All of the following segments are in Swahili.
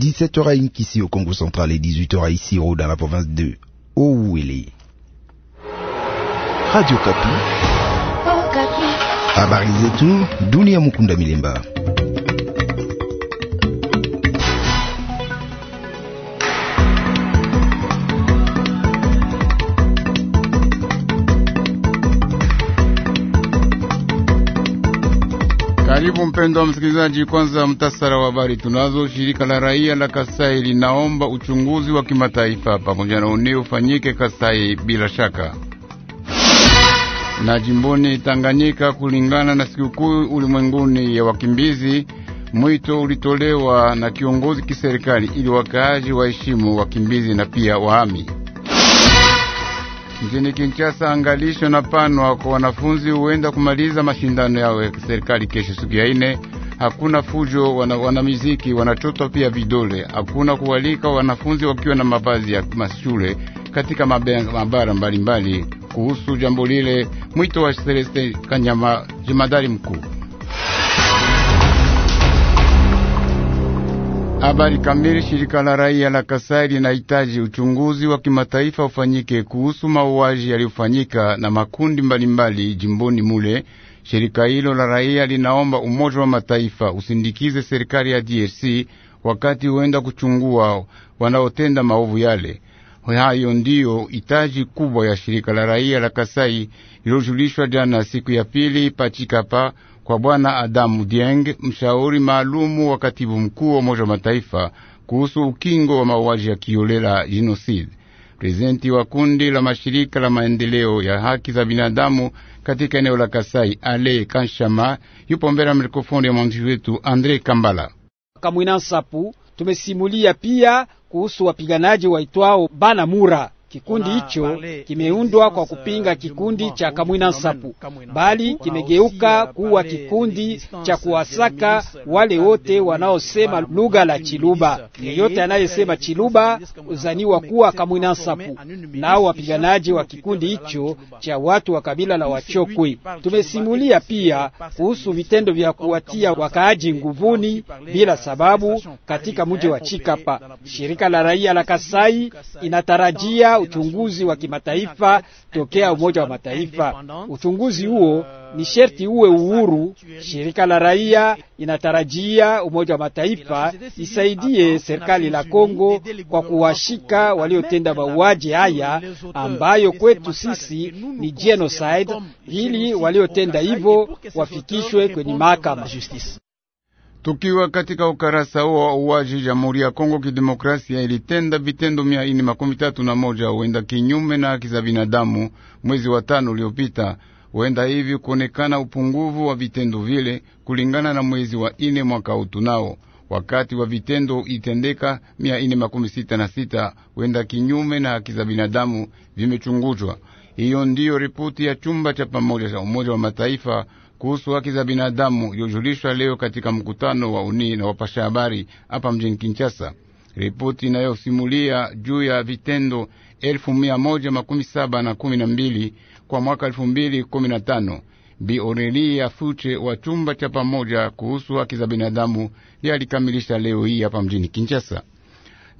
17h à au Congo central et 18h à Isiro dans la province de Ouélé. Radio Kapi. Oh, Kapi. tout, dunia, Mukunda Milimba. Karibu mpendo wa msikilizaji. Kwanza mtasara wa habari tunazo. Shirika la raia la Kasai linaomba uchunguzi wa kimataifa pamoja na une ufanyike Kasai bila shaka. Na jimboni Tanganyika, kulingana na sikukuu ulimwenguni ya wakimbizi, mwito ulitolewa na kiongozi kiserikali ili wakaaji waheshimu wakimbizi na pia wahami mjini Kinshasa. Angalisho na panwa kwa wanafunzi huenda kumaliza mashindano yao ya serikali kesho, siku ya ine. Hakuna fujo, wanamiziki wana wanachotwa pia vidole. Hakuna kuwalika wanafunzi wakiwa na mavazi ya mashule katika mabara mbalimbali. Kuhusu jambo lile, mwito wa Seleste Kanyama, jemadari mkuu Habari kamili. Shirika la raia la Kasai linahitaji uchunguzi wa kimataifa ufanyike kuhusu mauaji yaliyofanyika na makundi mbalimbali mbali jimboni mule. Shirika hilo la raia linaomba Umoja wa Mataifa usindikize serikali ya DRC wakati huenda kuchungua wanaotenda maovu yale. Hayo ndiyo hitaji kubwa ya shirika la raia la Kasai lilojulishwa jana siku ya pili pachikapa kwa Bwana Adamu Dieng, mshauri maalumu wa katibu mkuu wa Umoja wa Mataifa kuhusu ukingo wa mauaji ya kiolela genocide. Prezidenti wa kundi la mashirika la maendeleo ya haki za binadamu katika eneo la Kasai, Ale Kanshama, yupo mbele ya mikrofoni ya mwandishi wetu Andre Kambala. Kamwina Nsapu tumesimulia pia kuhusu wapiganaji waitwao Bana Mura Kikundi hicho kimeundwa kwa kupinga kikundi cha Kamwina Nsapu, bali kimegeuka kuwa kikundi cha kuwasaka wale wote wanaosema lugha la Chiluba. Yeyote anayesema Chiluba uzaniwa kuwa Kamwina Nsapu. Nao wapiganaji wa kikundi hicho cha watu wa kabila la Wachokwe tumesimulia pia kuhusu vitendo vya kuwatia wakaaji nguvuni bila sababu katika mji wa Chikapa. Shirika la raia la Kasai inatarajia uchunguzi wa kimataifa tokea Umoja wa Mataifa. Uchunguzi huo ni sherti uwe uhuru. Shirika la raia inatarajia Umoja wa Mataifa isaidie serikali la Kongo kwa kuwashika waliotenda mauaji haya ambayo kwetu sisi ni genocide, ili waliotenda hivyo wafikishwe kwenye mahakama. Tukiwa katika ukarasa huo wa uwaji, Jamhuri ya Kongo Kidemokrasia ilitenda vitendo mia ine makumi tatu na moja huenda kinyume na haki za binadamu mwezi wa tano uliopita. Huenda hivi kuonekana upunguvu wa vitendo vile kulingana na mwezi wa ine mwaka utunao, wakati wa vitendo itendeka mia ine makumi sita na sita huenda kinyume na haki za binadamu vimechunguzwa. Hiyo ndiyo ripoti ya chumba cha pamoja cha Umoja wa Mataifa kuhusu haki za binadamu iliyojulishwa leo katika mkutano wa uni na wapasha habari hapa mjini Kinshasa. Ripoti inayosimulia juu ya vitendo elfu mia moja makumi saba na kumi na mbili kwa mwaka elfu mbili kumi na tano. Bi Orelia Fuche wa chumba cha pamoja kuhusu haki za binadamu yalikamilisha leo hii hapa mjini Kinshasa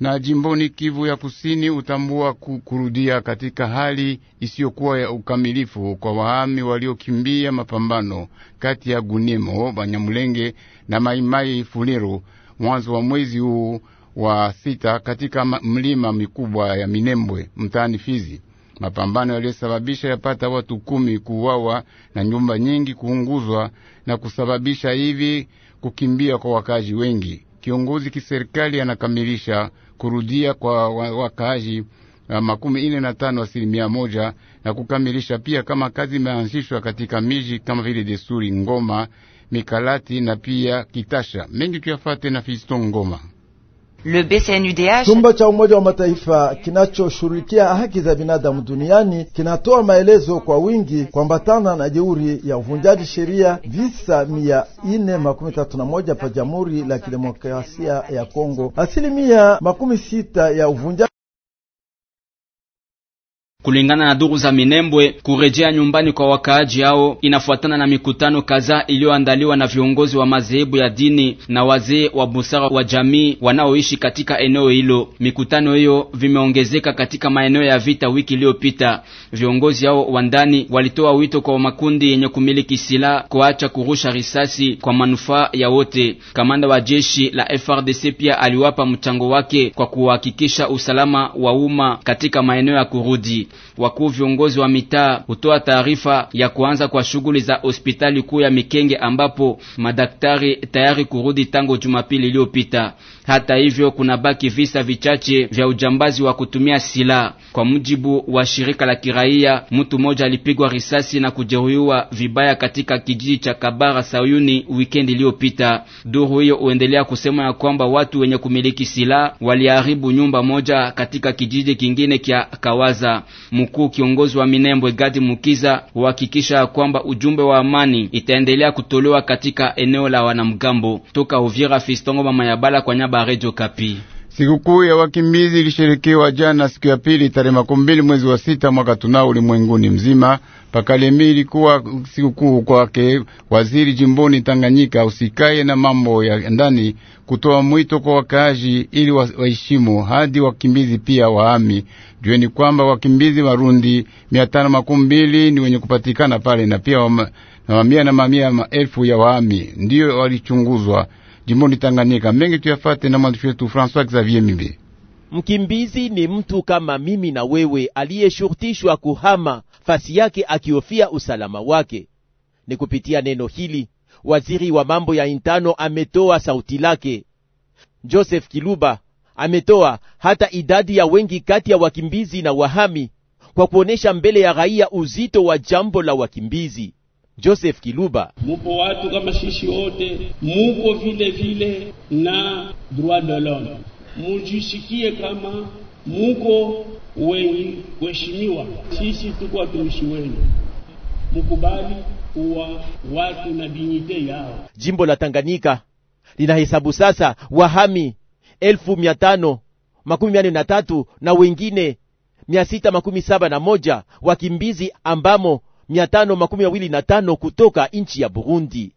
na jimboni Kivu ya Kusini utambua kurudia katika hali isiyokuwa ya ukamilifu kwa wahami waliokimbia mapambano kati ya Gunemo Banyamulenge na Maimai Fuliru mwanzo wa mwezi huu wa sita katika mlima mikubwa ya Minembwe mtaani Fizi, mapambano yaliyosababisha yapata watu kumi kuuawa na nyumba nyingi kuunguzwa na kusababisha hivi kukimbia kwa wakazi wengi kiongozi kiserikali anakamilisha kurudia kwa wakaaji uh, makumi ine na tano asilimia moja na kukamilisha pia kama kazi imeanzishwa katika miji kama vile Desuri, Ngoma, Mikalati na pia Kitasha. Mengi tuyafate na Fiston Ngoma. Le BCNUDH chumba cha Umoja wa Mataifa kinachoshughulikia haki za binadamu duniani kinatoa maelezo kwa wingi kuambatana na jeuri ya uvunjaji sheria, visa mia ine makumi tatu na moja pa Jamhuri la Kidemokrasia ya Kongo, asilimia makumi sita ya uvunjaji Kulingana na duru za Minembwe, kurejea nyumbani kwa wakaaji hao inafuatana na mikutano kadhaa iliyoandaliwa na viongozi wa madhehebu ya dini na wazee wa busara wa jamii wanaoishi katika eneo hilo. Mikutano hiyo vimeongezeka katika maeneo ya vita wiki iliyopita. Viongozi hao wa ndani walitoa wito kwa makundi yenye kumiliki silaha kuacha kurusha risasi kwa manufaa ya wote. Kamanda wa jeshi la FRDC pia aliwapa mchango wake kwa kuhakikisha usalama wa umma katika maeneo ya kurudi wakuu viongozi wa mitaa hutoa taarifa ya kuanza kwa shughuli za hospitali kuu ya Mikenge ambapo madaktari tayari kurudi tangu Jumapili iliyopita. Hata hivyo, kuna baki visa vichache vya ujambazi wa kutumia silaha. Kwa mujibu wa shirika la kiraia, mtu mmoja alipigwa risasi na kujeruhiwa vibaya katika kijiji cha Kabara Sayuni wikendi iliyopita. Duru hiyo huendelea kusema ya kwamba watu wenye kumiliki silaha waliharibu nyumba moja katika kijiji kingine kya Kawaza mkuu kiongozi wa Minembwe Gadi Mukiza huhakikisha kwamba ujumbe wa amani itaendelea kutolewa katika eneo la wanamgambo toka Uvira. Fistongo mama ya bala kwa nyaba Radio Kapi. Sikukuu ya wakimbizi ilisherekewa jana siku ya pili tarehe makumi mbili mwezi wa sita mwaka tunao ulimwenguni mzima. Pakalemi ilikuwa sikukuu kwake waziri jimboni Tanganyika usikaye na mambo ya ndani kutoa mwito kwa wakaaji ili waheshimu hadi wakimbizi pia waami. Jueni kwamba wakimbizi Warundi mia tano makumi mbili ni wenye kupatikana pale na pia wama, na mamia na mamia maelfu ya waami ndiyo walichunguzwa jimboni Tanganyika. Mengi tuyafate na mwandishi wetu François Xavier Mibe. Mkimbizi ni mtu kama mimi na wewe aliyeshurutishwa kuhama fasi yake akihofia usalama wake. Ni kupitia neno hili waziri wa mambo ya intano ametoa sauti lake. Joseph Kiluba ametoa hata idadi ya wengi kati ya wakimbizi na wahami kwa kuonesha mbele ya raia uzito wa jambo la wakimbizi. Joseph Kiluba, mupo watu kama shishi wote, muko vile vile na droit de l'homme, mujishikie kama muko wenye kuheshimiwa. Sisi tuko watumishi wenu, mukubali kuwa watu na dignite yao. Jimbo la Tanganyika linahesabu sasa wahami elfu mia tano makumi na tatu na wengine mia sita makumi saba na moja wakimbizi ambamo 525 kutoka nchi ya Burundi.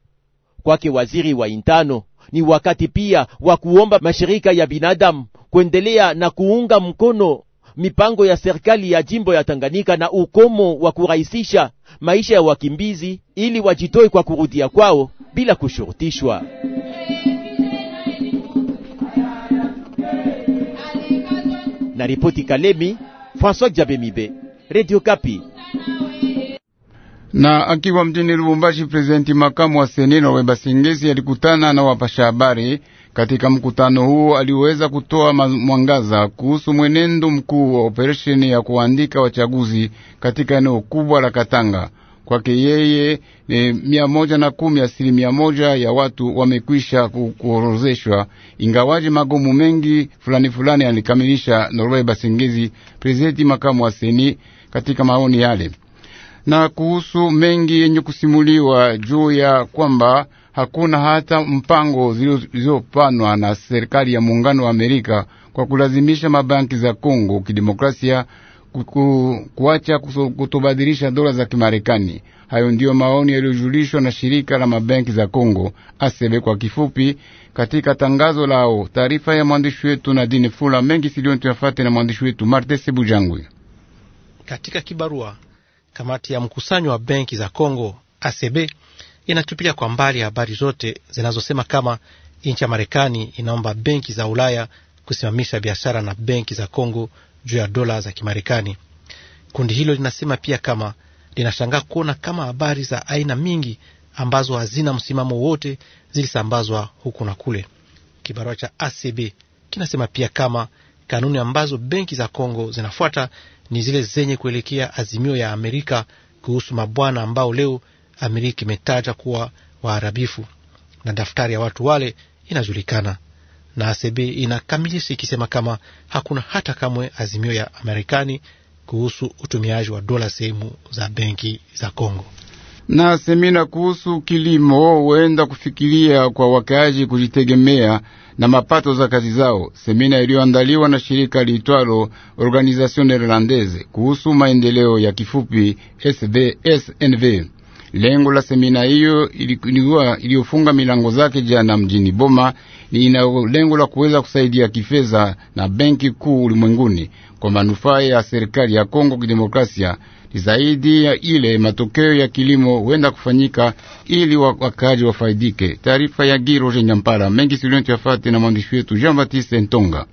Kwake waziri wa intano, ni wakati pia wa kuomba mashirika ya binadamu kuendelea na kuunga mkono mipango ya serikali ya jimbo ya Tanganyika na ukomo wa kurahisisha maisha ya wakimbizi ili wajitoe kwa kurudia kwao bila kushurutishwa. Na ripoti Kalemi, François Jabemibe, Radio Kapi. Na akiwa mjini Lubumbashi, prezidenti makamu wa seni Norbert Basengezi alikutana na wapasha habari. Katika mkutano huo, aliweza kutoa mwangaza kuhusu mwenendo mkuu wa operesheni ya kuandika wachaguzi katika eneo kubwa la Katanga. Kwake yeye ni mia moja na kumi asilimia moja ya watu wamekwisha kuorozeshwa, ingawaje magomu mengi fulani fulani, alikamilisha Norbert Basengezi, prezidenti makamu wa seni katika maoni yale na kuhusu mengi yenye kusimuliwa juu ya kwamba hakuna hata mpango zilizopanwa na serikali ya muungano wa Amerika kwa kulazimisha mabanki za Kongo kidemokrasia kuku, kuacha kutobadilisha dola za Kimarekani. Hayo ndiyo maoni yaliyojulishwa na shirika la mabanki za Kongo asebe kwa kifupi, katika tangazo lao. Taarifa ya mwandishi wetu Nadine Fula mengi silioni tuyafate na mwandishi wetu Martese Bujangwe katika kibarua Kamati ya mkusanyo wa benki za congo ACB inatupilia kwa mbali habari zote zinazosema kama nchi ya Marekani inaomba benki za Ulaya kusimamisha biashara na benki za congo juu ya dola za Kimarekani. Kundi hilo linasema pia kama linashangaa kuona kama habari za aina mingi ambazo hazina msimamo wote zilisambazwa huku na kule. Kibarua cha ACB kinasema pia kama kanuni ambazo benki za congo zinafuata ni zile zenye kuelekea azimio ya Amerika kuhusu mabwana ambao leo Amerika imetaja kuwa waarabifu na daftari ya watu wale inajulikana na ACB inakamilisha ikisema kama hakuna hata kamwe azimio ya Amerikani kuhusu utumiaji wa dola sehemu za benki za Kongo na semina kuhusu kilimo huenda kufikiria kwa wakaaji kujitegemea na mapato za kazi zao. Semina iliyoandaliwa na shirika liitwalo Organisation Neerlandaise kuhusu maendeleo ya kifupi SBSNV. Lengo la semina hiyo iliyofunga milango zake jana mjini Boma lina lengo la kuweza kusaidia kifedha na benki kuu ulimwenguni kwa manufaa ya serikali ya Kongo Kidemokrasia. Ni zaidi ya ile matokeo ya kilimo huenda kufanyika ili wakaji wafaidike. Taarifa ya Giroje Nyampara mengi siliontuyafate na mwandishi wetu Jean Baptiste Ntonga.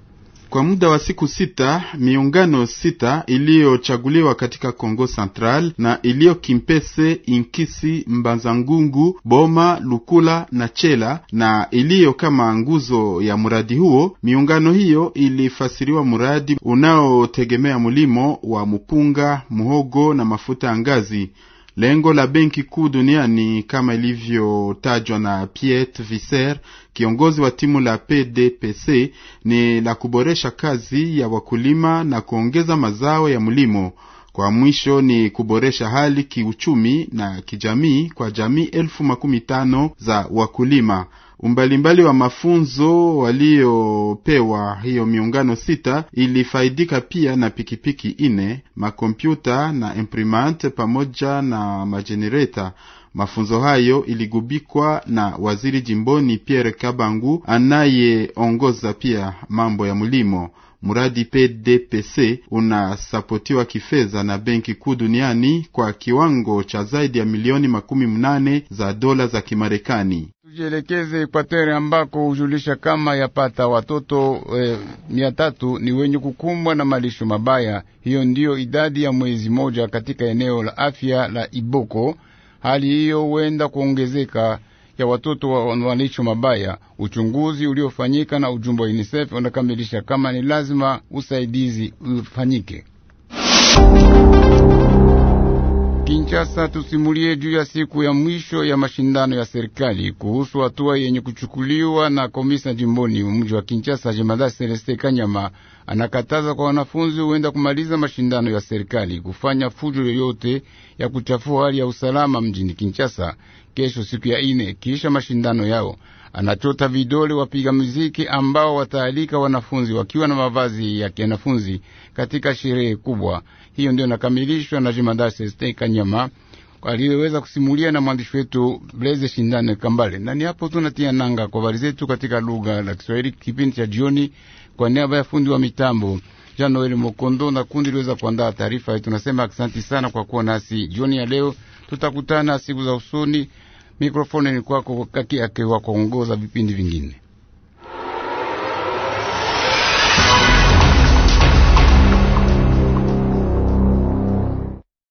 Kwa muda wa siku sita miungano sita iliyochaguliwa katika Kongo Central na iliyo Kimpese, Inkisi, Mbanzangungu, Boma, Lukula na Chela na iliyo kama nguzo ya mradi huo. Miungano hiyo ilifasiriwa mradi unaotegemea mlimo wa mpunga, muhogo na mafuta ya ngazi. Lengo la Benki Kuu duniani kama ilivyotajwa na Piet Viser, kiongozi wa timu la PDPC, ni la kuboresha kazi ya wakulima na kuongeza mazao ya mlimo. Kwa mwisho ni kuboresha hali kiuchumi na kijamii kwa jamii elfu makumi tano za wakulima umbalimbali wa mafunzo waliopewa. Hiyo miungano sita ilifaidika pia na pikipiki ine, makompyuta na imprimante pamoja na majenereta. Mafunzo hayo iligubikwa na waziri jimboni Pierre Kabangu anayeongoza pia mambo ya mlimo. Mradi PDPC unasapotiwa kifedha na Benki Kuu Duniani kwa kiwango cha zaidi ya milioni makumi mnane za dola za Kimarekani. Tujielekeze Ekwatere ambako hujulisha kama yapata watoto e, eh, mia tatu ni wenye kukumbwa na malisho mabaya. Hiyo ndiyo idadi ya mwezi moja katika eneo la afya la Iboko. Hali hiyo huenda kuongezeka ya watoto wa malisho mabaya. Uchunguzi uliofanyika na ujumbe wa UNICEF unakamilisha kama ni lazima usaidizi ufanyike. Kinshasa tusimulie juu ya siku ya mwisho ya mashindano ya serikali kuhusu hatua yenye kuchukuliwa na komisa jimboni mji wa Kinshasa. Jemadari Celeste Kanyama anakataza kwa wanafunzi huenda kumaliza mashindano ya serikali kufanya fujo yoyote ya kuchafua hali ya usalama mjini Kinshasa kesho siku ya ine kisha mashindano yao anachota vidole wapiga muziki ambao wataalika wanafunzi wakiwa na mavazi ya kianafunzi katika sherehe kubwa. Hiyo ndio nakamilishwa na Jemandari Celestin Kanyama aliyeweza kusimulia na mwandishi wetu Blaise Shindane Kambale. Na ni hapo tunatia nanga kwa habari zetu katika lugha la Kiswahili kipindi cha jioni, kwa niaba ya fundi wa mitambo Jean Noel Mokondo na kundi liweza kuandaa taarifa tunasema asanti sana kwa kuwa nasi jioni ya leo. Tutakutana siku za usoni. Mikrofoni ni kwako, kaki yake kuongoza vipindi vingine.